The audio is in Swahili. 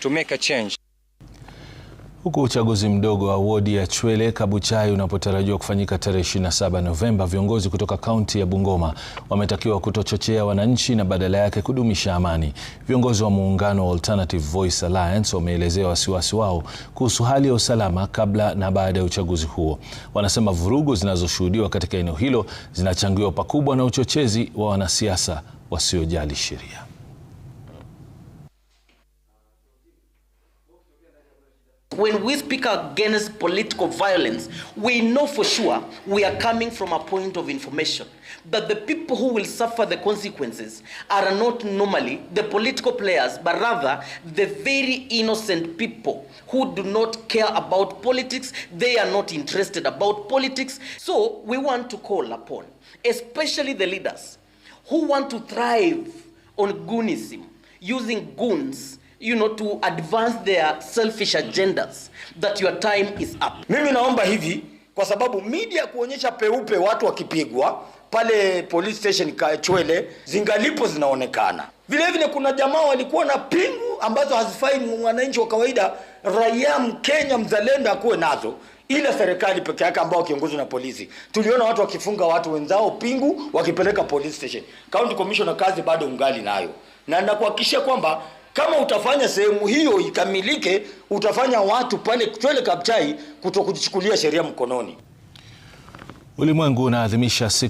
to make a change. Huku uchaguzi mdogo wa wodi ya Chwele Kabuchai unapotarajiwa kufanyika tarehe 27 Novemba, viongozi kutoka kaunti ya Bungoma wametakiwa kutochochea wananchi na badala yake kudumisha amani. Viongozi wa muungano wa Alternative Voice Alliance wameelezea wasiwasi wao kuhusu hali ya usalama kabla na baada ya uchaguzi huo. Wanasema vurugu zinazoshuhudiwa katika eneo hilo zinachangiwa pakubwa na uchochezi wa wanasiasa wasiojali sheria. when we speak against political violence, we know for sure we are coming from a point of information that the people who will suffer the consequences are not normally the political players, but rather the very innocent people who do not care about politics. They are not interested about politics. So we want to call upon, especially the leaders who want to thrive on goonism, using goons you know, to advance their selfish agendas that your time is up. Mimi naomba hivi kwa sababu media kuonyesha peupe watu wakipigwa pale police station Kachwele zingalipo zinaonekana. Vile vile kuna jamaa walikuwa na pingu ambazo hazifai mwananchi wa kawaida, raia Mkenya mzalendo akuwe nazo, ila serikali peke yake ambao kiongozi na polisi. Tuliona watu wakifunga watu wenzao pingu wakipeleka police station. County Commissioner kazi bado ungali nayo, na nakuhakikishia kwamba kama utafanya sehemu hiyo ikamilike, utafanya watu pale Chwele Kabuchai kujichukulia sheria mkononi. Ulimwengu unaadhimisha siku